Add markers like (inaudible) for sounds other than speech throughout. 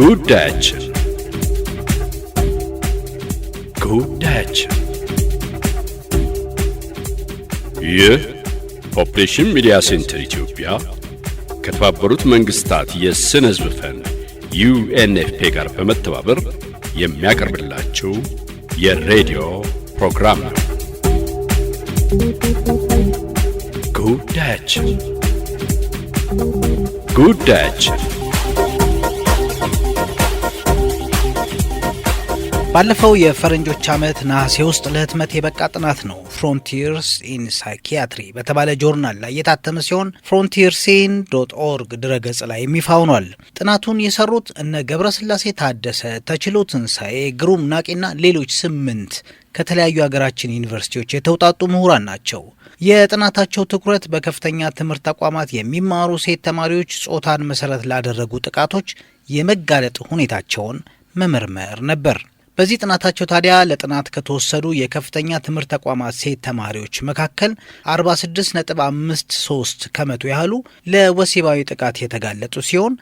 ጉዳያችን ጉዳያችን ይህ ኦፕሬሽን ሚዲያ ሴንተር ኢትዮጵያ ከተባበሩት መንግስታት የስነ ህዝብ ፈንድ ዩኤንኤፍፔ ጋር በመተባበር የሚያቀርብላችሁ የሬዲዮ ፕሮግራም ነው። ጉዳያችን ጉዳያችን ባለፈው የፈረንጆች ዓመት ነሐሴ ውስጥ ለህትመት የበቃ ጥናት ነው ፍሮንቲርስ ኢን ሳይኪያትሪ በተባለ ጆርናል ላይ የታተመ ሲሆን ፍሮንቲርሲን ዶት ኦርግ ድረገጽ ላይ ይፋ ሆኗል። ጥናቱን የሰሩት እነ ገብረስላሴ ታደሰ፣ ተችሎ ትንሣኤ፣ ግሩም ናቂና ሌሎች ስምንት ከተለያዩ ሀገራችን ዩኒቨርሲቲዎች የተውጣጡ ምሁራን ናቸው። የጥናታቸው ትኩረት በከፍተኛ ትምህርት ተቋማት የሚማሩ ሴት ተማሪዎች ጾታን መሰረት ላደረጉ ጥቃቶች የመጋለጥ ሁኔታቸውን መመርመር ነበር። በዚህ ጥናታቸው ታዲያ ለጥናት ከተወሰዱ የከፍተኛ ትምህርት ተቋማት ሴት ተማሪዎች መካከል 46.53 ከመቶ ያህሉ ለወሲባዊ ጥቃት የተጋለጡ ሲሆን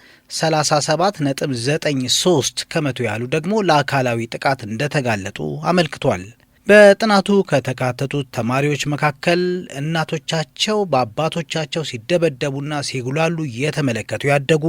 37.93 ከመቶ ያህሉ ደግሞ ለአካላዊ ጥቃት እንደተጋለጡ አመልክቷል። በጥናቱ ከተካተቱት ተማሪዎች መካከል እናቶቻቸው በአባቶቻቸው ሲደበደቡና ሲጉላሉ እየተመለከቱ ያደጉ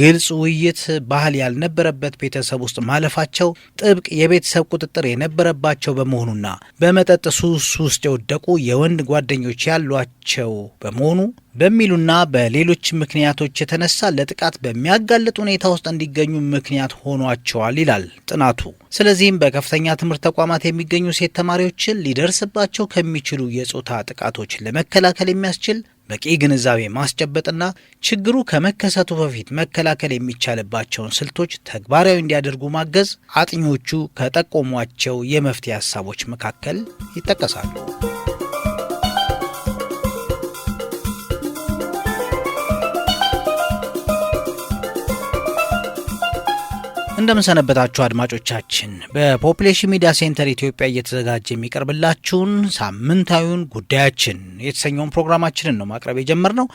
ግልጽ ውይይት ባህል ያልነበረበት ቤተሰብ ውስጥ ማለፋቸው ጥብቅ የቤተሰብ ቁጥጥር የነበረባቸው በመሆኑና በመጠጥ ሱስ ውስጥ የወደቁ የወንድ ጓደኞች ያሏቸው በመሆኑ በሚሉና በሌሎች ምክንያቶች የተነሳ ለጥቃት በሚያጋልጥ ሁኔታ ውስጥ እንዲገኙ ምክንያት ሆኗቸዋል ይላል ጥናቱ። ስለዚህም በከፍተኛ ትምህርት ተቋማት የሚገኙ ሴት ተማሪዎችን ሊደርስባቸው ከሚችሉ የጾታ ጥቃቶች ለመከላከል የሚያስችል በቂ ግንዛቤ ማስጨበጥና ችግሩ ከመከሰቱ በፊት መከላከል የሚቻልባቸውን ስልቶች ተግባራዊ እንዲያደርጉ ማገዝ አጥኚዎቹ ከጠቆሟቸው የመፍትሄ ሀሳቦች መካከል ይጠቀሳሉ። እንደምንሰነበታችሁ አድማጮቻችን፣ በፖፕሌሽን ሚዲያ ሴንተር ኢትዮጵያ እየተዘጋጀ የሚቀርብላችሁን ሳምንታዊውን ጉዳያችን የተሰኘውን ፕሮግራማችንን ነው ማቅረብ ነው።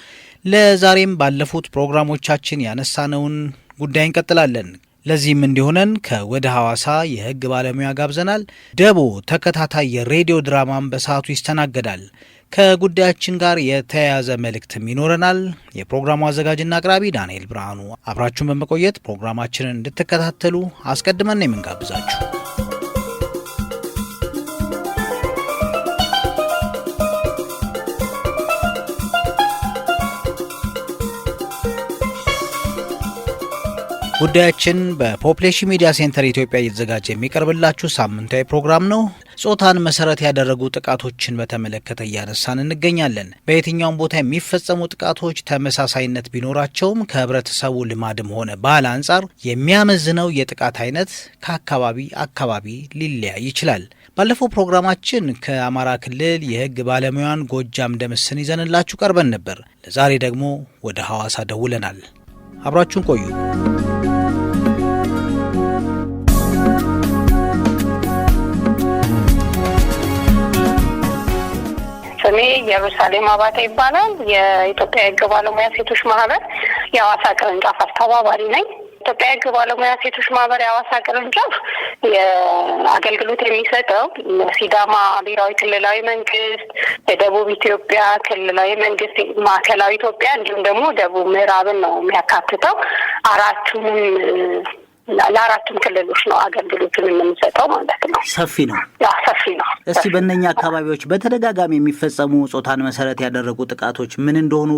ለዛሬም ባለፉት ፕሮግራሞቻችን ያነሳነውን ጉዳይ እንቀጥላለን። ለዚህም እንዲሆነን ከወደ ሐዋሳ የህግ ባለሙያ ጋብዘናል። ደቦ ተከታታይ የሬዲዮ ድራማም በሰዓቱ ይስተናገዳል። ከጉዳያችን ጋር የተያያዘ መልእክትም ይኖረናል። የፕሮግራሙ አዘጋጅና አቅራቢ ዳንኤል ብርሃኑ፣ አብራችሁን በመቆየት ፕሮግራማችንን እንድትከታተሉ አስቀድመን ነው የምንጋብዛችሁ። ጉዳያችን በፖፕሌሽን ሚዲያ ሴንተር ኢትዮጵያ እየተዘጋጀ የሚቀርብላችሁ ሳምንታዊ ፕሮግራም ነው። ጾታን መሰረት ያደረጉ ጥቃቶችን በተመለከተ እያነሳን እንገኛለን። በየትኛውም ቦታ የሚፈጸሙ ጥቃቶች ተመሳሳይነት ቢኖራቸውም ከህብረተሰቡ ልማድም ሆነ ባህል አንጻር የሚያመዝነው የጥቃት አይነት ከአካባቢ አካባቢ ሊለያይ ይችላል። ባለፈው ፕሮግራማችን ከአማራ ክልል የህግ ባለሙያን ጎጃም ደምስን ይዘንላችሁ ቀርበን ነበር። ለዛሬ ደግሞ ወደ ሐዋሳ ደውለናል። አብራችሁን ቆዩ። ስሜ ኢየሩሳሌም አባተ ይባላል። የኢትዮጵያ ሕግ ባለሙያ ሴቶች ማህበር የአዋሳ ቅርንጫፍ አስተባባሪ ነኝ። ኢትዮጵያ ሕግ ባለሙያ ሴቶች ማህበር የአዋሳ ቅርንጫፍ የአገልግሎት የሚሰጠው ሲዳማ ብሔራዊ ክልላዊ መንግስት፣ የደቡብ ኢትዮጵያ ክልላዊ መንግስት፣ ማዕከላዊ ኢትዮጵያ እንዲሁም ደግሞ ደቡብ ምዕራብን ነው የሚያካትተው አራቱንም ለአራቱም ክልሎች ነው አገልግሎቱን የምንሰጠው ማለት ነው። ሰፊ ነው፣ ሰፊ ነው። እስቲ በእነኛ አካባቢዎች በተደጋጋሚ የሚፈጸሙ ጾታን መሰረት ያደረጉ ጥቃቶች ምን እንደሆኑ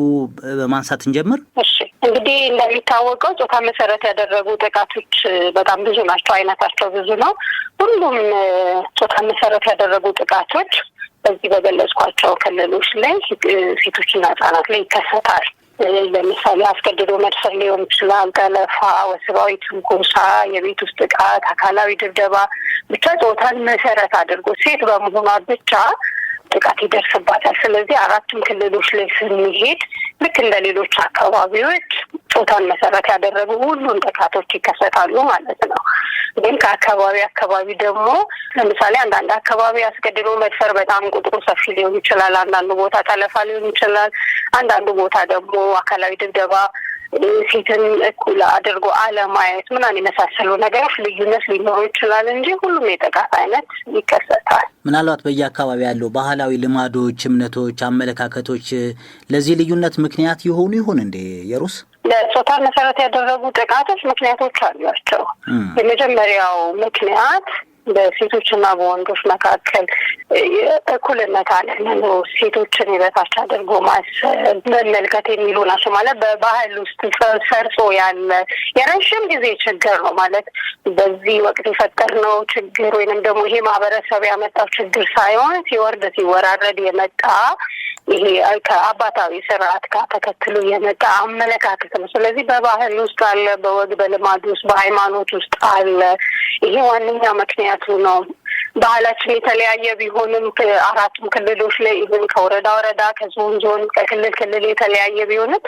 በማንሳት እንጀምር። እሺ እንግዲህ እንደሚታወቀው ጾታን መሰረት ያደረጉ ጥቃቶች በጣም ብዙ ናቸው፣ አይነታቸው ብዙ ነው። ሁሉም ጾታን መሰረት ያደረጉ ጥቃቶች በዚህ በገለጽኳቸው ክልሎች ላይ ሴቶችና ህጻናት ላይ ይከሰታል። ለምሳሌ አስገድዶ መድፈር ሊሆን ይችላል፣ ጠለፋ፣ ወሲባዊ ትንኮሳ፣ የቤት ውስጥ ጥቃት፣ አካላዊ ድብደባ፣ ብቻ ጾታን መሰረት አድርጎ ሴት በመሆኗ ብቻ ጥቃት ይደርስባታል። ስለዚህ አራቱም ክልሎች ላይ ስንሄድ ልክ እንደ ሌሎች አካባቢዎች ጾታን መሰረት ያደረጉ ሁሉን ጥቃቶች ይከሰታሉ ማለት ነው። ግን ከአካባቢ አካባቢ ደግሞ ለምሳሌ አንዳንድ አካባቢ አስገድዶ መድፈር በጣም ቁጥሩ ሰፊ ሊሆን ይችላል። አንዳንዱ ቦታ ጠለፋ ሊሆን ይችላል። አንዳንዱ ቦታ ደግሞ አካላዊ ድብደባ ሴትን እኩል አድርጎ አለማየት ምናምን የመሳሰሉ ነገሮች ልዩነት ሊኖሩ ይችላል እንጂ ሁሉም የጥቃት አይነት ይከሰታል። ምናልባት በየአካባቢ ያለው ባህላዊ ልማዶች፣ እምነቶች፣ አመለካከቶች ለዚህ ልዩነት ምክንያት የሆኑ ይሆን እንዴ የሩስ? ለጾታ መሰረት ያደረጉ ጥቃቶች ምክንያቶች አሏቸው። የመጀመሪያው ምክንያት በሴቶችና በወንዶች መካከል እኩልነት አለ። ሴቶችን የበታች አድርጎ ማሰብ፣ መመልከት የሚሉ ናቸው። ማለት በባህል ውስጥ ሰርጾ ያለ የረዥም ጊዜ ችግር ነው። ማለት በዚህ ወቅት የፈጠርነው ችግር ወይንም ደግሞ ይሄ ማህበረሰብ ያመጣው ችግር ሳይሆን ሲወርድ ሲወራረድ የመጣ ይሄ ከአባታዊ ስርዓት ጋር ተከትሎ የመጣ አመለካከት ነው። ስለዚህ በባህል ውስጥ አለ፣ በወግ በልማድ ውስጥ፣ በሃይማኖት ውስጥ አለ። ይሄ ዋነኛ ምክንያት ማለቱ ነው። ባህላችን የተለያየ ቢሆንም አራቱም ክልሎች ላይ ይሁን ከወረዳ ወረዳ፣ ከዞን ዞን፣ ከክልል ክልል የተለያየ ቢሆንም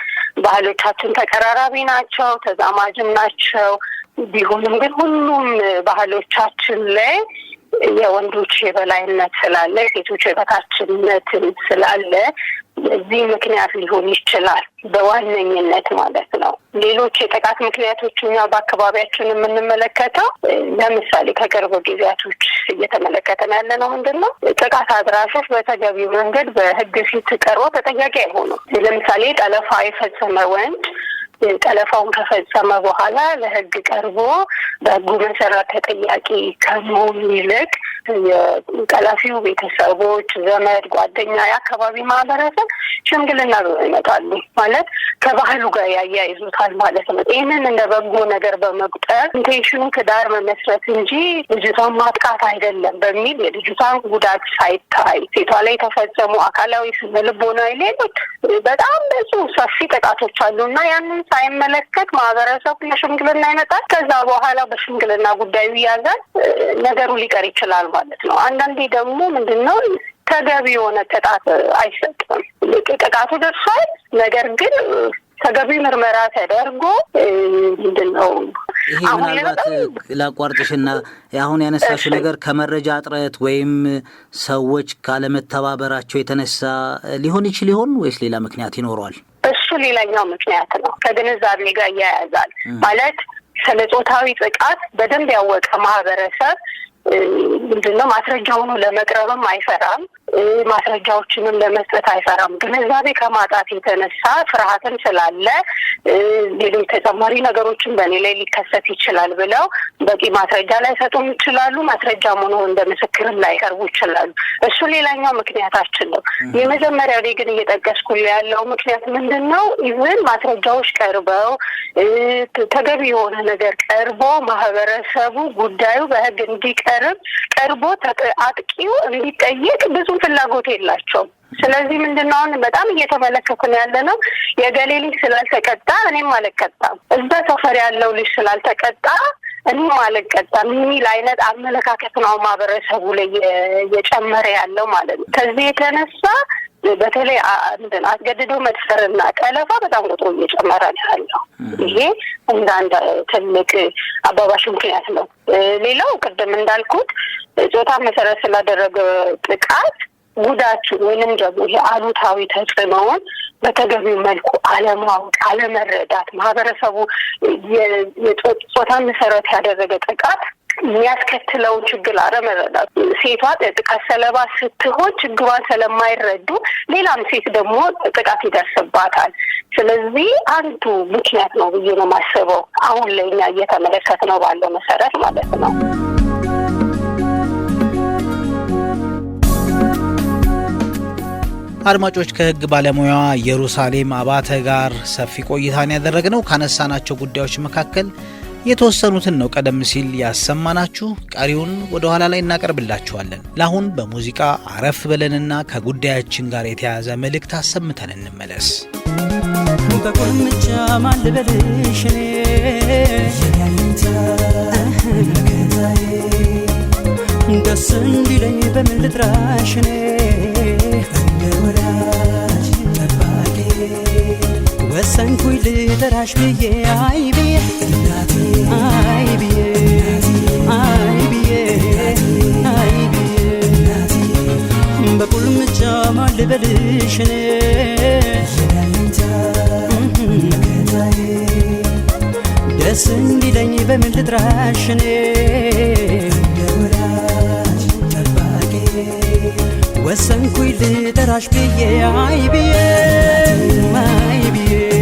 ባህሎቻችን ተቀራራቢ ናቸው፣ ተዛማጅም ናቸው። ቢሆንም ግን ሁሉም ባህሎቻችን ላይ የወንዶች የበላይነት ስላለ ሴቶች የበታችነትም ስላለ እዚህ ምክንያት ሊሆን ይችላል በዋነኝነት ማለት ነው። ሌሎች የጥቃት ምክንያቶች እኛ በአካባቢያችን የምንመለከተው ለምሳሌ ከቅርብ ጊዜያቶች ነው ያለ ነው ምንድን ነው ጥቃት አድራሾች በተገቢው መንገድ በህግ ፊት ቀርቦ ተጠያቂ አይሆኑም። ለምሳሌ ጠለፋ የፈጸመ ወንድ ጠለፋውን ከፈጸመ በኋላ ለህግ ቀርቦ በህጉ መሰረት ተጠያቂ ከመሆኑ ይልቅ የጠላፊው ቤተሰቦች፣ ዘመድ፣ ጓደኛ፣ የአካባቢ ማህበረሰብ ሽምግልና ብሎ ይመጣሉ። ማለት ከባህሉ ጋር ያያይዙታል ማለት ነው። ይህንን እንደ በጎ ነገር በመቁጠር ኢንቴንሽኑ ትዳር መመስረት እንጂ ልጅቷን ማጥቃት አይደለም በሚል የልጅቷን ጉዳት ሳይታይ ሴቷ ላይ የተፈጸሙ አካላዊ፣ ስነ ልቦናዊ፣ ሌሎች በጣም ብዙ ሰፊ ጥቃቶች አሉ እና ያንን ሳይመለከት ማህበረሰቡ ለሽምግልና ይመጣል። ከዛ በኋላ በሽምግልና ጉዳዩ ይያዛል። ነገሩ ሊቀር ይችላል ማለት ነው። አንዳንዴ ደግሞ ምንድን ነው ተገቢ የሆነ ቅጣት አይሰጥም። ጥቃቱ ደርሷል፣ ነገር ግን ተገቢ ምርመራ ተደርጎ ምንድን ነው ይሄ ምናልባት ላቋርጥሽና አሁን ያነሳሽ ነገር ከመረጃ እጥረት ወይም ሰዎች ካለመተባበራቸው የተነሳ ሊሆን ይችል ሊሆን ወይስ ሌላ ምክንያት ይኖረዋል? እሱ ሌላኛው ምክንያት ነው። ከግንዛቤ ጋር እያያዛል ማለት ስለ ጾታዊ ጥቃት በደንብ ያወቀ ማህበረሰብ ምንድነው ማስረጃ ሆኖ ለመቅረብም አይሰራም ማስረጃዎችንም ለመስጠት አይሰራም። ግንዛቤ ከማጣት የተነሳ ፍርሃትም ስላለ ሌሎች ተጨማሪ ነገሮችን በእኔ ላይ ሊከሰት ይችላል ብለው በቂ ማስረጃ ሰጡም ይችላሉ። ማስረጃ ሆኖ እንደ ምስክርም ላይቀርቡ ይችላሉ። እሱ ሌላኛው ምክንያታችን ነው። የመጀመሪያ እኔ ግን እየጠቀስኩ ያለው ምክንያት ምንድን ነው? ኢቨን ማስረጃዎች ቀርበው ተገቢ የሆነ ነገር ቀርቦ ማህበረሰቡ ጉዳዩ በህግ እንዲቀርብ ቀርቦ አጥቂው እንዲጠየቅ ብዙ ፍላጎት የላቸውም። ስለዚህ ምንድን ነው አሁን በጣም እየተመለከኩ ነው ያለ ነው የገሌ ልጅ ስላልተቀጣ እኔም አልቀጣም፣ እዛ ሰፈር ያለው ልጅ ስላልተቀጣ እኔም አልቀጣም የሚል አይነት አመለካከት ነው ማህበረሰቡ ላይ እየጨመረ ያለው ማለት ነው። ከዚህ የተነሳ በተለይ ምንድን አስገድዶ መድፈርና ጠለፋ በጣም ቁጥሩ እየጨመረ ነው ያለው። ይሄ እንደ አንድ ትልቅ አባባሽ ምክንያት ነው። ሌላው ቅድም እንዳልኩት ጾታ መሰረት ስላደረገ ጥቃት ጉዳቱን ወይንም ደግሞ የአሉታዊ ተጽዕኖውን በተገቢው መልኩ አለማወቅ፣ አለመረዳት ማህበረሰቡ የጾታን መሰረት ያደረገ ጥቃት የሚያስከትለውን ችግር አለመረዳት ሴቷ ጥቃት ሰለባ ስትሆን ችግሯን ስለማይረዱ ሌላም ሴት ደግሞ ጥቃት ይደርስባታል። ስለዚህ አንዱ ምክንያት ነው ብዬ ነው የማስበው። አሁን ለእኛ እየተመለከት ነው ባለው መሰረት ማለት ነው። አድማጮች ከህግ ባለሙያዋ ኢየሩሳሌም አባተ ጋር ሰፊ ቆይታን ያደረግነው ካነሳናቸው ጉዳዮች መካከል የተወሰኑትን ነው ቀደም ሲል ያሰማናችሁ። ቀሪውን ወደ ኋላ ላይ እናቀርብላችኋለን። ለአሁን በሙዚቃ አረፍ ብለንና ከጉዳያችን ጋር የተያያዘ መልእክት አሰምተን እንመለስ። ደስ እንዲለኝ በምን ለወዳጅ መባሌ ወሰንኩኝ ልጠራሽ ብዬ አይ ብዬ አይ ብዬ አይ ብዬ አይ ብዬ በቁልምጫ ማን እኔ ደስ እንዲለኝ በምን ልጥራሽ እኔ መሰንኩኝ ልጠራሽ ብዬ አይ ብዬ አይ ብዬ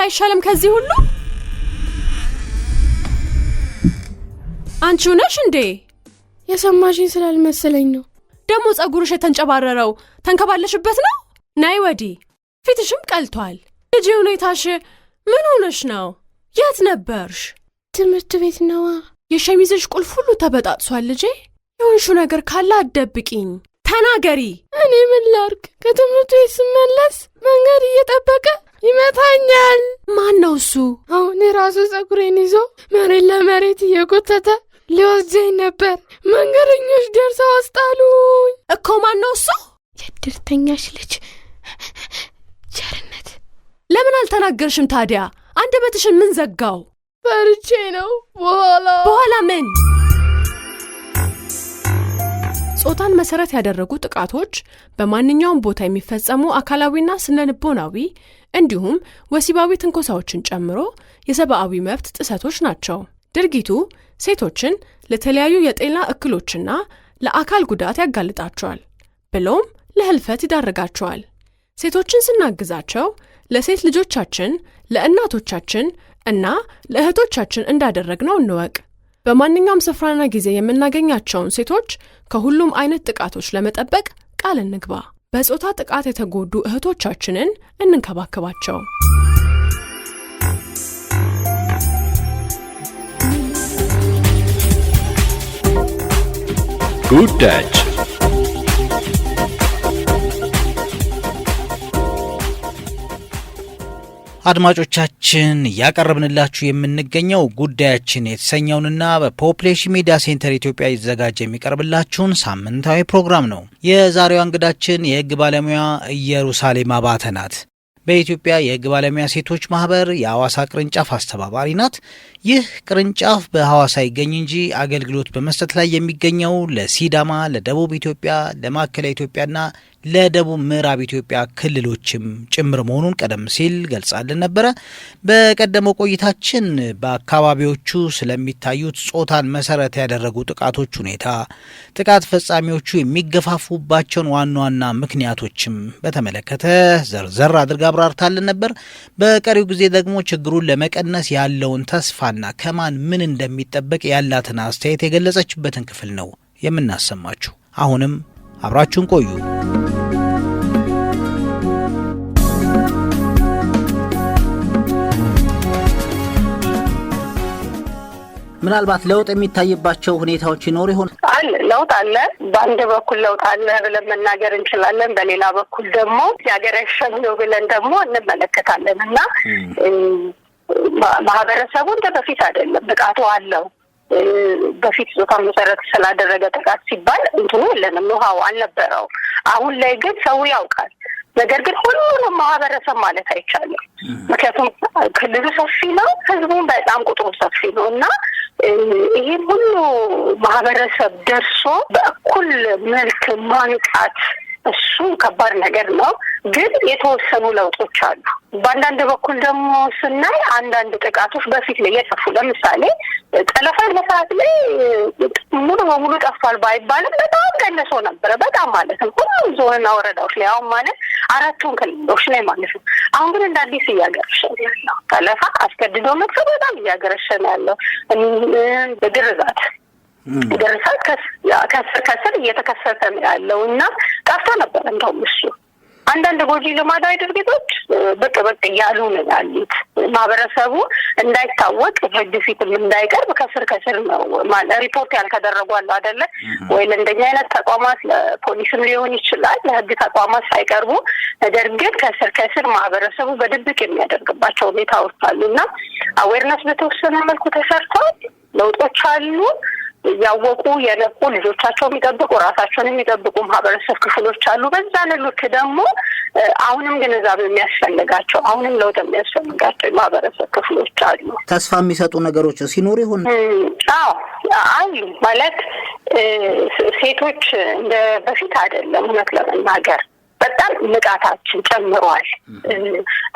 መቀበል አይሻልም? ከዚህ ሁሉ አንቺ ነሽ እንዴ? የሰማሽኝ ስላልመሰለኝ ነው። ደግሞ ጸጉርሽ የተንጨባረረው ተንከባለሽበት ነው። ናይ ወዲህ ፊትሽም ቀልቷል። ልጅ ሁኔታሽ ምን ሆነሽ ነው? የት ነበርሽ? ትምህርት ቤት ነዋ። የሸሚዝሽ ቁልፍ ሁሉ ተበጣጥሷል። ልጄ የሆንሹ ነገር ካለ አደብቂኝ። ተናገሪ። እኔ ምን ላርግ? ከትምህርት ቤት ስመለስ መንገድ እየጠበቀ ይመታኛል። ማን ነው እሱ? አሁን የራሱ ጸጉሬን ይዞ መሬት ለመሬት እየጎተተ ሊወስደኝ ነበር። መንገደኞች ደርሰው አስጣሉኝ። እኮ ማን ነው እሱ? የድርተኛሽ ልጅ ቸርነት። ለምን አልተናገርሽም ታዲያ? አንደበትሽን ምን ዘጋው? ፈርቼ ነው። በኋላ በኋላ ምን ጾታን መሰረት ያደረጉ ጥቃቶች በማንኛውም ቦታ የሚፈጸሙ አካላዊና ስነልቦናዊ እንዲሁም ወሲባዊ ትንኮሳዎችን ጨምሮ የሰብአዊ መብት ጥሰቶች ናቸው። ድርጊቱ ሴቶችን ለተለያዩ የጤና እክሎችና ለአካል ጉዳት ያጋልጣቸዋል ብሎም ለህልፈት ይዳርጋቸዋል። ሴቶችን ስናግዛቸው ለሴት ልጆቻችን፣ ለእናቶቻችን እና ለእህቶቻችን እንዳደረግነው እንወቅ። በማንኛውም ስፍራና ጊዜ የምናገኛቸውን ሴቶች ከሁሉም አይነት ጥቃቶች ለመጠበቅ ቃል እንግባ። በጾታ ጥቃት የተጎዱ እህቶቻችንን እንንከባከባቸው። ጉዳያችን አድማጮቻችን እያቀረብንላችሁ የምንገኘው ጉዳያችን የተሰኘውንና በፖፕሌሽን ሚዲያ ሴንተር ኢትዮጵያ ይዘጋጀ የሚቀርብላችሁን ሳምንታዊ ፕሮግራም ነው። የዛሬዋ እንግዳችን የህግ ባለሙያ ኢየሩሳሌም አባተ ናት። በኢትዮጵያ የህግ ባለሙያ ሴቶች ማህበር የሐዋሳ ቅርንጫፍ አስተባባሪ ናት። ይህ ቅርንጫፍ በሐዋሳ ይገኝ እንጂ አገልግሎት በመስጠት ላይ የሚገኘው ለሲዳማ፣ ለደቡብ ኢትዮጵያ፣ ለማዕከላዊ ኢትዮጵያና ለደቡብ ምዕራብ ኢትዮጵያ ክልሎችም ጭምር መሆኑን ቀደም ሲል ገልጻልን ነበረ። በቀደመው ቆይታችን በአካባቢዎቹ ስለሚታዩት ጾታን መሰረት ያደረጉ ጥቃቶች ሁኔታ፣ ጥቃት ፈጻሚዎቹ የሚገፋፉባቸውን ዋና ዋና ምክንያቶችም በተመለከተ ዘርዘር አድርጋ አብራርታልን ነበር። በቀሪው ጊዜ ደግሞ ችግሩን ለመቀነስ ያለውን ተስፋና ከማን ምን እንደሚጠበቅ ያላትን አስተያየት የገለጸችበትን ክፍል ነው የምናሰማችሁ። አሁንም አብራችሁን ቆዩ። ምናልባት ለውጥ የሚታይባቸው ሁኔታዎች ይኖሩ ይሆን? አለ ለውጥ አለ። በአንድ በኩል ለውጥ አለ ብለን መናገር እንችላለን። በሌላ በኩል ደግሞ ያገረሸም ነው ብለን ደግሞ እንመለከታለን እና ማህበረሰቡ እንደ በፊት አይደለም። ብቃቱ አለው። በፊት ጾታን መሰረት ስላደረገ ጥቃት ሲባል እንትኑ የለንም፣ ውሃው አልነበረው። አሁን ላይ ግን ሰው ያውቃል። ነገር ግን ሁሉንም ማህበረሰብ ማለት አይቻልም። ምክንያቱም ክልሉ ሰፊ ነው፣ ህዝቡም በጣም ቁጥሩ ሰፊ ነው እና ይህም ሁሉ ማህበረሰብ ደርሶ በእኩል መልክ ማንቃት እሱም ከባድ ነገር ነው፣ ግን የተወሰኑ ለውጦች አሉ። በአንዳንድ በኩል ደግሞ ስናይ አንዳንድ ጥቃቶች በፊት ላይ የጠፉ ለምሳሌ ጠለፋ በሰዓት ላይ ሙሉ በሙሉ ጠፍቷል ባይባልም በጣም ቀንሶ ነበረ። በጣም ማለት ነው ሁሉም ዞንና ወረዳዎች ላይ አሁን ማለት አራቱን ክልሎች ላይ ማለት ነው። አሁን ግን እንደ አዲስ እያገረሸ ያለው ጠለፋ፣ አስገድዶ መድፈር በጣም እያገረሸ ነው ያለው ግርዛት ይደርሳል። ከስር ከስር እየተከሰተ ነው ያለው እና ጠፍቶ ነበር። እንደውም እሱ አንዳንድ ጎጂ ልማዳዊ ድርጊቶች ብቅ ብቅ እያሉ ነው ያሉት። ማህበረሰቡ እንዳይታወቅ ህግ ፊትም እንዳይቀርብ ከስር ከስር ነው ሪፖርት ያልተደረጉ አሉ አደለ ወይ? ለእንደኛ አይነት ተቋማት ለፖሊስም ሊሆን ይችላል ለህግ ተቋማት ሳይቀርቡ ነገር ግን ከስር ከስር ማህበረሰቡ በድብቅ የሚያደርግባቸው ሁኔታዎች አሉ እና አዌርነስ በተወሰነ መልኩ ተሰርቷል። ለውጦች አሉ። እያወቁ የለቁ ልጆቻቸው የሚጠብቁ ራሳቸውን የሚጠብቁ ማህበረሰብ ክፍሎች አሉ። በዛ ልክ ደግሞ አሁንም ግንዛቤ የሚያስፈልጋቸው አሁንም ለውጥ የሚያስፈልጋቸው የማህበረሰብ ክፍሎች አሉ። ተስፋ የሚሰጡ ነገሮች ሲኖር ይሆን? አዎ አሉ። ማለት ሴቶች እንደ በፊት አይደለም እውነት ለመናገር በጣም ንቃታችን ጨምሯል።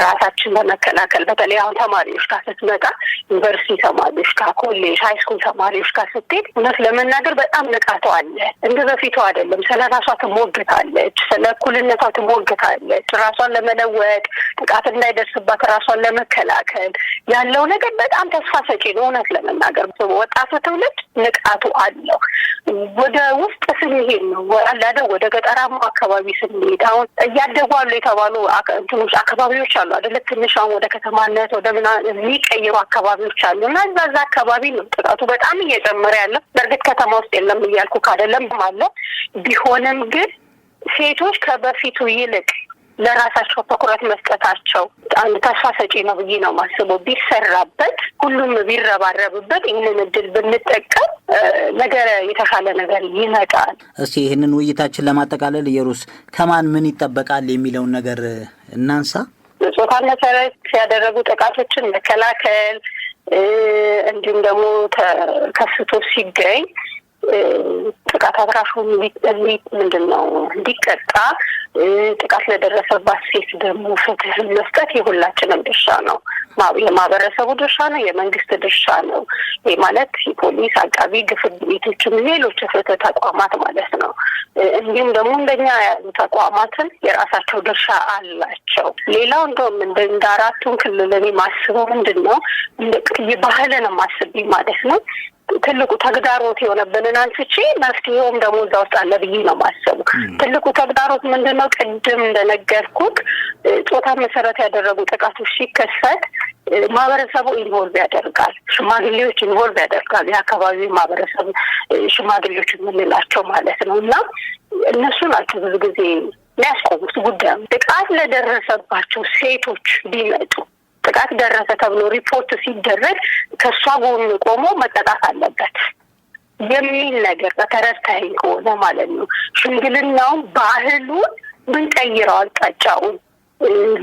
ራሳችን ለመከላከል በተለይ አሁን ተማሪዎች ጋር ስትመጣ ዩኒቨርሲቲ ተማሪዎች ጋር፣ ኮሌጅ፣ ሃይስኩል ተማሪዎች ጋር ስትሄድ እውነት ለመናገር በጣም ንቃቷ አለ። እንደ በፊቱ አይደለም። ስለ ራሷ ትሞግታለች፣ ስለ እኩልነቷ ትሞግታለች። ራሷን ለመለወጥ ጥቃት እንዳይደርስባት ራሷን ለመከላከል ያለው ነገር በጣም ተስፋ ሰጪ ነው። እውነት ለመናገር ወጣቱ ትውልድ ንቃቱ አለው። ወደ ውስጥ ስንሄድ ነው ወደ ገጠራማ አካባቢ ስንሄድ አሁን እያደጉ አሉ የተባሉ እንትኖች አካባቢዎች አሉ አደለ? ትንሽ አሁን ወደ ከተማነት ወደ ምና የሚቀይሩ አካባቢዎች አሉ እና እዛ እዛ አካባቢ ነው ጥቃቱ በጣም እየጨመረ ያለው። በእርግጥ ከተማ ውስጥ የለም እያልኩ ካደለም አለ ቢሆንም ግን ሴቶች ከበፊቱ ይልቅ ለራሳቸው ትኩረት መስጠታቸው አንድ ተስፋ ሰጪ ነው ብዬ ነው ማስበው። ቢሰራበት፣ ሁሉም ቢረባረብበት፣ ይህንን እድል ብንጠቀም ነገር የተሻለ ነገር ይመጣል። እስቲ ይህንን ውይይታችን ለማጠቃለል የሩስ ከማን ምን ይጠበቃል የሚለውን ነገር እናንሳ። ጾታን መሰረት ያደረጉ ጥቃቶችን መከላከል እንዲሁም ደግሞ ተከስቶ ሲገኝ ጥቃት አድራሹ ምንድን ነው እንዲቀጣ፣ ጥቃት ለደረሰባት ሴት ደግሞ ፍትህ መስጠት የሁላችንም ድርሻ ነው። የማህበረሰቡ ድርሻ ነው። የመንግስት ድርሻ ነው። ይህ ማለት የፖሊስ፣ አቃቢ ግፍር ቤቶችም፣ ሌሎች የፍትህ ተቋማት ማለት ነው። እንዲሁም ደግሞ እንደኛ ያሉ ተቋማትን የራሳቸው ድርሻ አላቸው። ሌላው እንደውም እንደ አራቱን ክልል እኔ ማስበው ምንድን ነው እንደ ባህልን ማስብ ማለት ነው ትልቁ ተግዳሮት የሆነብንን አንስቼ መፍትሄውም ደግሞ እዛ ውስጥ አለ ብዬ ነው ማሰቡ። ትልቁ ተግዳሮት ምንድን ነው? ቅድም እንደነገርኩት ጾታ መሰረት ያደረጉ ጥቃቶች ሲከሰት ማህበረሰቡ ኢንቮልቭ ያደርጋል፣ ሽማግሌዎች ኢንቮልቭ ያደርጋል። የአካባቢ ማህበረሰብ ሽማግሌዎች የምንላቸው ማለት ነው። እና እነሱ ናቸው ብዙ ጊዜ የሚያስቆሙት ጉዳዩ ጥቃት ለደረሰባቸው ሴቶች ቢመጡ ጥቃት ደረሰ ተብሎ ሪፖርት ሲደረግ ከእሷ ጎን ቆሞ መጠጣት አለበት የሚል ነገር በተረድተኸኝ ከሆነ ማለት ነው። ሽምግልናውን ባህሉን ብንቀይረው አቅጣጫውን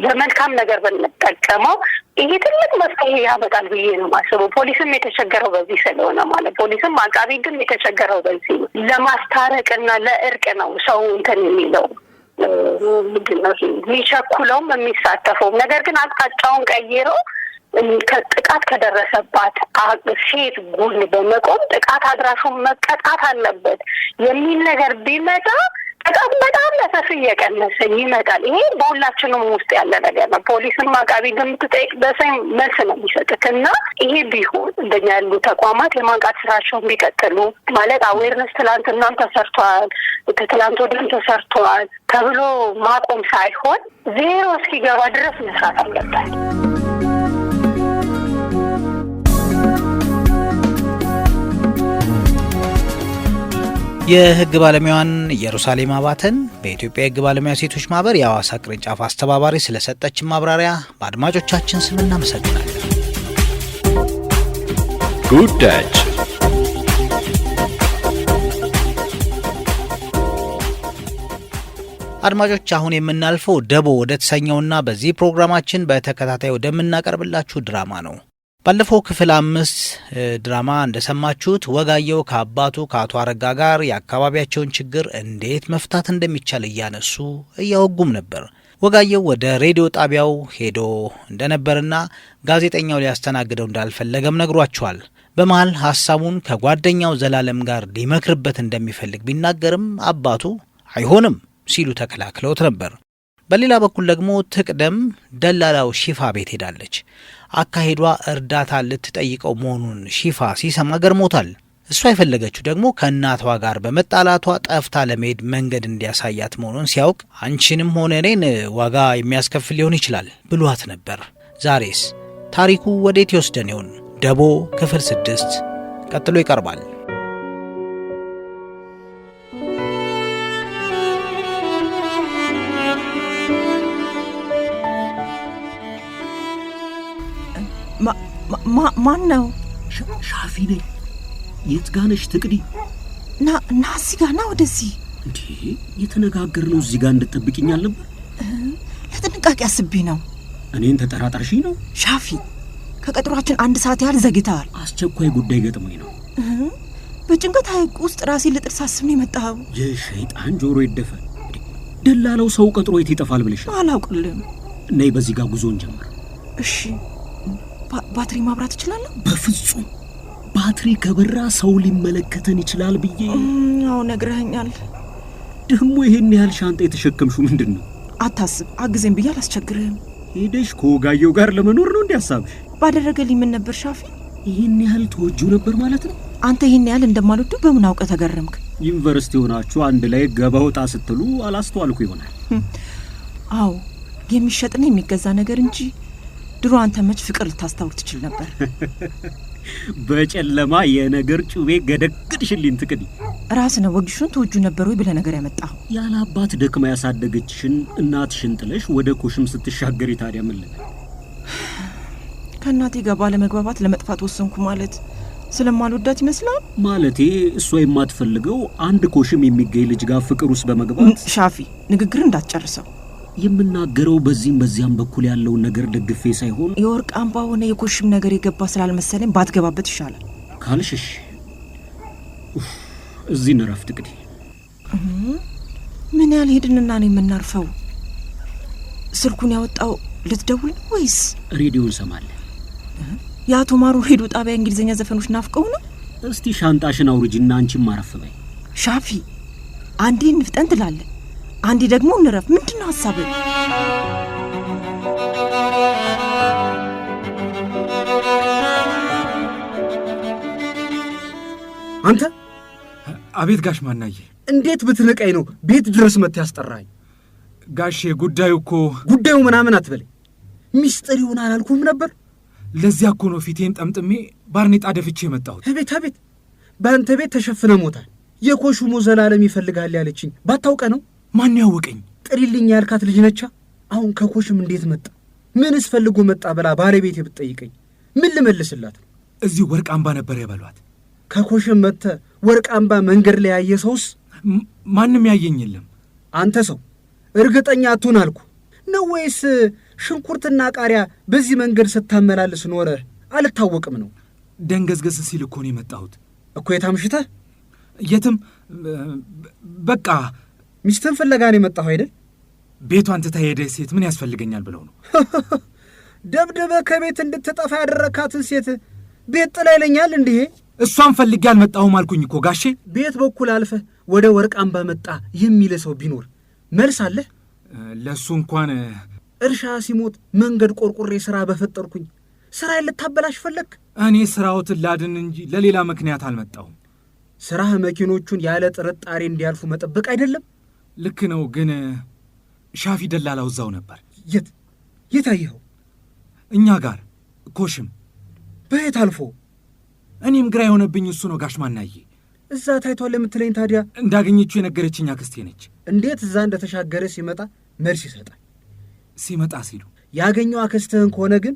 ለመልካም ነገር ብንጠቀመው ይሄ ትልቅ መፍትሄ ያመጣል ብዬ ነው የማስበው። ፖሊስም የተቸገረው በዚህ ስለሆነ ማለት ፖሊስም አቃቢ ግን የተቸገረው በዚህ ነው። ለማስታረቅ ለእርቅ ነው ሰው እንትን የሚለው የሚቸኩለውም የሚሳተፈውም። ነገር ግን አቅጣጫውን ቀይረው ጥቃት ከደረሰባት ሴት ጎን በመቆም ጥቃት አድራሹን መቀጣት አለበት የሚል ነገር ቢመጣ በጣም በጣም በሰፊ እየቀነሰኝ ይመጣል። ይሄ በሁላችንም ውስጥ ያለ ነገር ነው። ፖሊስም አቃቢ እንደምትጠይቅ በሰኝ መልስ ነው የሚሰጥት እና ይሄ ቢሆን እንደኛ ያሉ ተቋማት የማንቃት ስራቸውን ቢቀጥሉ ማለት አዌርነስ ትላንትናም ተሰርተዋል፣ ተሰርቷል፣ ትላንት ወደም ተሰርቷል ተብሎ ማቆም ሳይሆን ዜሮ እስኪገባ ድረስ መስራት አለበት። የህግ ባለሙያን ኢየሩሳሌም አባተን በኢትዮጵያ የህግ ባለሙያ ሴቶች ማህበር የአዋሳ ቅርንጫፍ አስተባባሪ ስለሰጠችን ማብራሪያ በአድማጮቻችን ስም እናመሰግናለን። ጉዳች አድማጮች አሁን የምናልፈው ደቦ ወደ ተሰኘውና በዚህ ፕሮግራማችን በተከታታይ ወደምናቀርብላችሁ ድራማ ነው። ባለፈው ክፍል አምስት ድራማ እንደሰማችሁት ወጋየው ከአባቱ ከአቶ አረጋ ጋር የአካባቢያቸውን ችግር እንዴት መፍታት እንደሚቻል እያነሱ እያወጉም ነበር። ወጋየው ወደ ሬዲዮ ጣቢያው ሄዶ እንደነበርና ጋዜጠኛው ሊያስተናግደው እንዳልፈለገም ነግሯቸዋል። በመሀል ሀሳቡን ከጓደኛው ዘላለም ጋር ሊመክርበት እንደሚፈልግ ቢናገርም አባቱ አይሆንም ሲሉ ተከላክለውት ነበር። በሌላ በኩል ደግሞ ትቅደም ደላላው ሺፋ ቤት ሄዳለች። አካሄዷ እርዳታ ልትጠይቀው መሆኑን ሺፋ ሲሰማ ገርሞታል። እሷ የፈለገችው ደግሞ ከእናቷ ጋር በመጣላቷ ጠፍታ ለመሄድ መንገድ እንዲያሳያት መሆኑን ሲያውቅ አንቺንም ሆነ እኔን ዋጋ የሚያስከፍል ሊሆን ይችላል ብሏት ነበር። ዛሬስ ታሪኩ ወዴት ይወስደን ይሆን? ደቦ ክፍል ስድስት ቀጥሎ ይቀርባል። ማን ነው? ሻፊ ነኝ። የት ጋ ነሽ ትቅዲ? ና እና እዚህ ጋ ና ወደዚህ። እንዴ የተነጋገርነው እዚህ ጋ እንድጠብቅኝ አልነበር? ለጥንቃቄ አስቤ ነው። እኔን ተጠራጣርሽ ነው? ሻፊ ከቀጠሯችን አንድ ሰዓት ያህል ዘግተዋል። አስቸኳይ ጉዳይ ገጥሞኝ ነው። በጭንቀት ሐይቅ ውስጥ ራሴን ልጥል ሳስብ ነው የመጣኸው። የሸይጣን ጆሮ ይደፈን። ደላለው ሰው ቀጥሮ የት ይጠፋል ብለሽ አላውቅልም። ነይ በዚህ ጋር ጉዞን ጀምር እሺ ባትሪ ማብራት እችላለሁ? በፍጹም ባትሪ ከበራ ሰው ሊመለከተን ይችላል ብዬ አዎ፣ ነግረኸኛል። ደግሞ ይሄን ያህል ሻንጣ የተሸከምሹ ምንድን ነው? አታስብ፣ አግዜም ብዬ አላስቸግርህም። ሄደሽ ከወጋየው ጋር ለመኖር ነው እንዲያሳብ ሀሳብሽ? ባደረገልኝ ምን ነበር ሻፊ? ይህን ያህል ተወጁ ነበር ማለት ነው? አንተ ይህን ያህል እንደማልወዱ በምን አውቀ ተገረምክ? ዩኒቨርሲቲ ሆናችሁ አንድ ላይ ገባ ወጣ ስትሉ አላስተዋልኩ ይሆናል። አዎ የሚሸጥና የሚገዛ ነገር እንጂ ድሮ አንተ መች ፍቅር ልታስታውቅ ትችል ነበር። (laughs) በጨለማ የነገር ጩቤ ገደግድሽልኝ ራስ ነው ወጊሹን ተወጁ ነበር ወይ ብለህ ነገር ያመጣ ያለ አባት ደክማ ያሳደገችሽን እናትሽን ጥለሽ ወደ ኮሽም ስትሻገሪ ታዲያ ምልል (sighs) ከእናቴ ጋር ባለመግባባት ለመጥፋት ወሰንኩ ማለት ስለማልወዳት ይመስላል። ማለቴ እሷ የማትፈልገው አንድ ኮሽም የሚገኝ ልጅ ጋር ፍቅር ውስጥ በመግባት ሻፊ ንግግር እንዳትጨርሰው የምናገረው በዚህም በዚያም በኩል ያለውን ነገር ደግፌ ሳይሆን የወርቅ አምባ ሆነ የኮሽም ነገር የገባ ስላልመሰለኝ ባትገባበት ይሻላል ካልሽሽ እዚህ ንረፍ። እንግዲህ ምን ያህል ሄድንና ነው የምናርፈው? ስልኩን ያወጣው ልትደውል ወይስ ሬዲዮ ሰማለ? የአቶ ማሩ ሬዲዮ ጣቢያ የእንግሊዝኛ ዘፈኖች ናፍቀው ነው። እስቲ ሻንጣሽን አውርጅና አንቺም አረፍ በይ። ሻፊ አንዴ እንፍጠን ትላለን። አንዴ ደግሞ እንረፍ። ምንድን ነው ሀሳብ? አንተ አቤት ጋሽ ማናዬ፣ እንዴት ብትንቀኝ ነው ቤት ድረስ መጥተህ ያስጠራኝ? ጋሼ ጉዳዩ እኮ ጉዳዩ ምናምን አትበለኝ። ሚስጥር ይሁን አላልኩም ነበር? ለዚያ እኮ ነው ፊቴን ጠምጥሜ ባርኔጣ ደፍቼ የመጣሁት። አቤት አቤት፣ በአንተ ቤት ተሸፍነ ሞታል። የኮሹሞ ዘላለም ይፈልጋል ያለችኝ ባታውቀ ነው ማን ያወቀኝ? ጥሪልኝ ያልካት ልጅ ነቻ። አሁን ከኮሽም እንዴት መጣ ምን እስፈልጎ መጣ ብላ ባለቤቴ ብትጠይቀኝ ምን ልመልስላት? እዚህ ወርቅ አምባ ነበር የበሏት። ከኮሽም መጥተ ወርቅ አምባ መንገድ ላይ ያየ ሰውስ? ማንም ያየኝ የለም። አንተ ሰው እርግጠኛ አትሁን አልኩ ነው ወይስ ሽንኩርትና ቃሪያ በዚህ መንገድ ስታመላልስ ኖረ አልታወቅም ነው? ደንገዝገዝ ሲል እኮ ነው የመጣሁት እኮ። የታምሽተ የትም በቃ ሚስትን ፍለጋ ነው የመጣሁ አይደል? ቤቷን ትታ የሄደ ሴት ምን ያስፈልገኛል ብለው ነው። (laughs) ደብድበ ከቤት እንድትጠፋ ያደረካትን ሴት ቤት ጥላ ይለኛል እንዲሄ? እሷን ፈልጌ አልመጣሁም አልኩኝ እኮ ጋሼ። ቤት በኩል አልፈ ወደ ወርቃም በመጣ የሚል ሰው ቢኖር መልስ አለ ለእሱ እንኳን እርሻ ሲሞት መንገድ ቆርቁሬ ሥራ በፈጠርኩኝ ሥራ ልታበላሽ ፈለግ? እኔ ሥራዎትን ላድን እንጂ ለሌላ ምክንያት አልመጣሁም። ሥራህ መኪኖቹን ያለ ጥርጣሬ እንዲያልፉ መጠበቅ አይደለም? ልክ ነው፣ ግን ሻፊ ደላላው እዛው ነበር። የት የት አየኸው? እኛ ጋር ኮሽም። በየት አልፎ? እኔም ግራ የሆነብኝ እሱ ነው ጋሽ ማናዬ። እዛ ታይቷል የምትለኝ ታዲያ? እንዳገኘችው የነገረችኝ አክስቴ ነች። እንዴት እዛ እንደተሻገረ ሲመጣ መልስ ይሰጣል። ሲመጣ ሲሉ ያገኘው አክስትህን ከሆነ ግን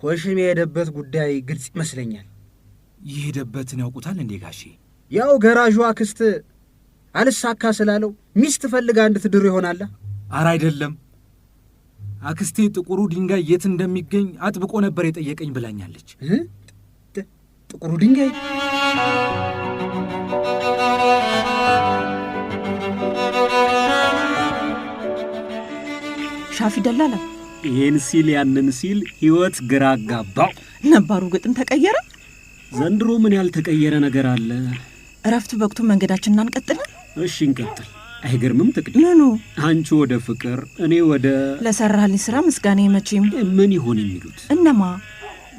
ኮሽም የሄደበት ጉዳይ ግልጽ ይመስለኛል። የሄደበትን ያውቁታል እንዴ ጋሼ? ያው ገራዡ አክስት አልሳካ ስላለው ሚስት ፈልጋ እንድትድር ይሆናላ። አረ አይደለም አክስቴ ጥቁሩ ድንጋይ የት እንደሚገኝ አጥብቆ ነበር የጠየቀኝ ብላኛለች። ጥቁሩ ድንጋይ ሻፊ ደላላ ይህን ሲል ያንን ሲል ህይወት ግራ አጋባው። ነባሩ ግጥም ተቀየረ። ዘንድሮ ምን ያልተቀየረ ነገር አለ? እረፍት በቅቱ መንገዳችንን አንቀጥልን። እሺ እንቀጥል። አይገርምም? ትቅድ ምኑ? አንቺ ወደ ፍቅር፣ እኔ ወደ ለሰራህልኝ ስራ ምስጋና መቼም ምን ይሆን የሚሉት እነማ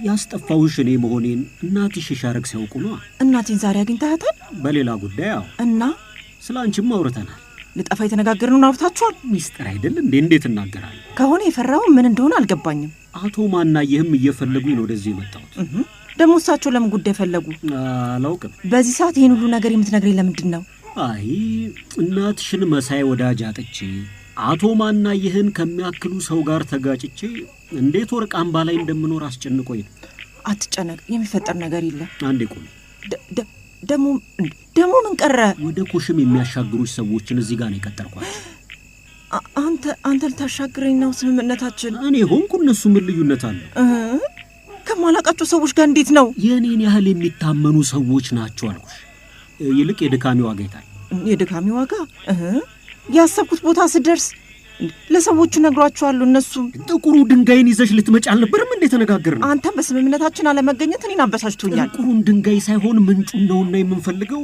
ያስጠፋውሽ እኔ መሆኔን እናትሽ ሻረግ ሲያውቁ ነዋ። እናቴን ዛሬ አግኝታህታል? በሌላ ጉዳይ አዎ። እና ስለ አንቺም አውርተናል። ልጠፋ የተነጋገርነውን አውርታችኋል? ሚስጥር አይደል እንዴ? እንዴት እናገራለን? ከሆነ የፈራውን ምን እንደሆነ አልገባኝም። አቶ ማናየህም እየፈለጉኝ ነው ወደዚህ የመጣሁት። ደግሞ እሳቸው ለምን ጉዳይ ፈለጉ? አላውቅም። በዚህ ሰዓት ይህን ሁሉ ነገር የምትነግረኝ ለምንድን ነው? አይ እናትሽን መሳይ ወዳጅ አጥቼ አቶ ማና ይህን ከሚያክሉ ሰው ጋር ተጋጭቼ እንዴት ወርቅ አምባ ላይ እንደምኖር አስጨንቆኝ ነው። አትጨነቅ፣ የሚፈጠር ነገር የለም። አንዴ ቁም። ደሞ ምን ቀረ? ወደ ኮሽም የሚያሻግሩች ሰዎችን እዚህ ጋር ነው የቀጠርኳቸው። አንተ አንተ ልታሻግረኝ ነው? ስምምነታችን እኔ ሆንኩ እነሱ ምን ልዩነት አለው? ከማላቃቸው ሰዎች ጋር እንዴት ነው? የእኔን ያህል የሚታመኑ ሰዎች ናቸው አልኩሽ። ይልቅ የድካሚ ዋጋ ይታል። የድካሚ ዋጋ ያሰብኩት ቦታ ስደርስ ለሰዎቹ ነግሯቸዋለሁ። እነሱም ጥቁሩ ድንጋይን ይዘሽ ልትመጪ አልነበርም እንዴ? ነው። አንተም በስምምነታችን አለመገኘት እኔን አበሳጭቶኛል። ጥቁሩን ድንጋይ ሳይሆን ምንጩ ነውና የምንፈልገው።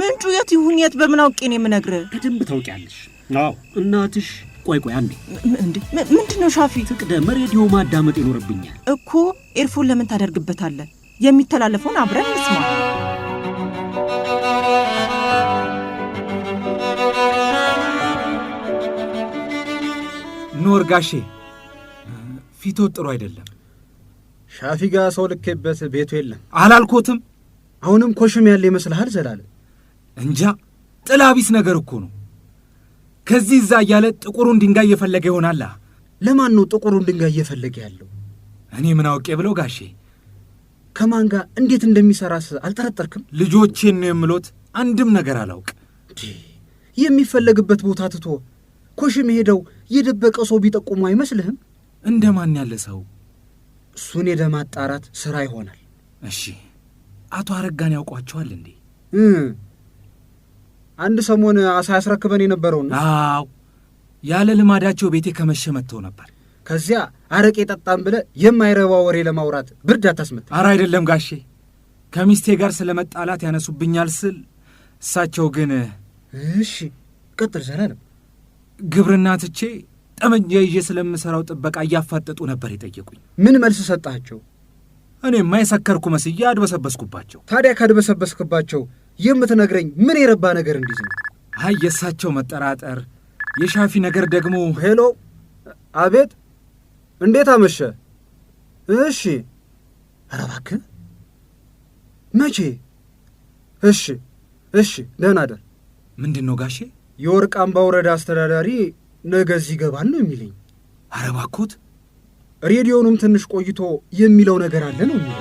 ምንጩ የት ይሁን የት በምን አውቄን ነው የምነግርህ? በደንብ ታውቂያለሽ። አዎ እናትሽ ቆይ ቆይ አንዴ፣ ምንድን ነው ሻፊ? ትቅደም ሬዲዮ ማዳመጥ ይኖርብኛል እኮ። ኤርፎን ለምን ታደርግበታለህ? የሚተላለፈውን አብረን እንስማ። ኖር ጋሼ፣ ፊቶ ጥሩ አይደለም። ሻፊ ጋ ሰው ልኬበት ቤቱ የለም አላልኮትም። አሁንም ኮሽም ያለ ይመስልሃል ዘላለም? እንጃ ጥላቢስ ነገር እኮ ነው። ከዚህ እዛ እያለ ጥቁሩን ድንጋይ እየፈለገ ይሆናል። ለማን ነው ጥቁሩን ድንጋይ እየፈለገ ያለው? እኔ ምን አውቄ ብለው ጋሼ። ከማን ጋር እንዴት እንደሚሠራስ አልጠረጠርክም? ልጆቼን ነው የምሎት፣ አንድም ነገር አላውቅ። የሚፈለግበት ቦታ ትቶ ኮሽም ሄደው የደበቀ ሰው ቢጠቁሙ አይመስልህም? እንደ ማን ያለ ሰው? እሱን ሄደ ማጣራት ሥራ ይሆናል። እሺ፣ አቶ አረጋን ያውቋቸዋል እንዴ? አንድ ሰሞን አሳ ያስረክበን የነበረውን። አዎ፣ ያለ ልማዳቸው ቤቴ ከመሸ መጥተው ነበር። ከዚያ አረቄ ጠጣም ብለ የማይረባ ወሬ ለማውራት ብርድ አታስመጥ። አራ አይደለም ጋሼ፣ ከሚስቴ ጋር ስለ መጣላት ያነሱብኛል ስል እሳቸው ግን እሺ፣ ቀጥል ዘላለም ግብርና ትቼ ጠመንጃ ይዤ ስለምሠራው ጥበቃ እያፋጠጡ ነበር የጠየቁኝ። ምን መልስ ሰጣቸው? እኔ የማይሰከርኩ መስዬ አድበሰበስኩባቸው። ታዲያ ካድበሰበስክባቸው የምትነግረኝ ምን የረባ ነገር እንዲዝ ነው? አይ የእሳቸው መጠራጠር የሻፊ ነገር ደግሞ። ሄሎ! አቤት! እንዴት አመሸ? እሺ። ኧረ እባክህ መቼ? እሺ፣ እሺ፣ ደህና አደር። ምንድን ነው ጋሼ የወርቅ አምባ ወረዳ አስተዳዳሪ ነገ እዚህ ይገባል ነው የሚለኝ። አረ እባክዎት፣ ሬዲዮኑም ትንሽ ቆይቶ የሚለው ነገር አለ ነው የሚለው።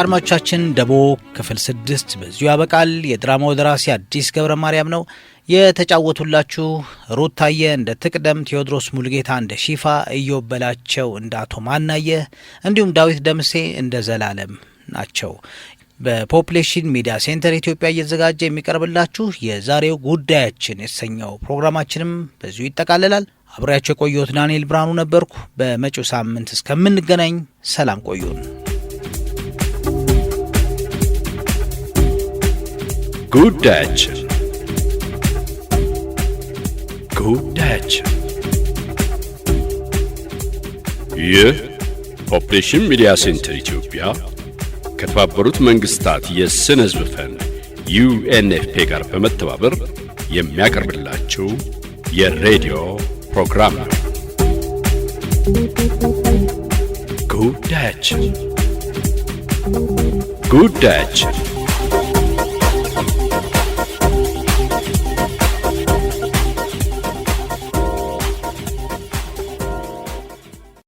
አድማጮቻችን፣ ደቦ ክፍል ስድስት በዚሁ ያበቃል። የድራማው ደራሲ አዲስ ገብረ ማርያም ነው። የተጫወቱላችሁ ሩት ታየ እንደ ትቅደም፣ ቴዎድሮስ ሙልጌታ እንደ ሺፋ፣ ኢዮብ በላቸው እንደ አቶ ማናየ እንዲሁም ዳዊት ደምሴ እንደ ዘላለም ናቸው። በፖፕሌሽን ሚዲያ ሴንተር ኢትዮጵያ እየተዘጋጀ የሚቀርብላችሁ የዛሬው ጉዳያችን የተሰኘው ፕሮግራማችንም በዚሁ ይጠቃልላል። አብሬያቸው የቆየሁት ዳንኤል ብርሃኑ ነበርኩ። በመጪው ሳምንት እስከምንገናኝ ሰላም ቆዩን። ጉዳያችን ጉዳያችን ይህ ኦፕሬሽን ሚዲያ ሴንተር ኢትዮጵያ ከተባበሩት መንግስታት የስነ ህዝብ ፈንድ ዩኤንኤፍፔ ጋር በመተባበር የሚያቀርብላችሁ የሬዲዮ ፕሮግራም ነው። ጉዳያችን ጉዳያችን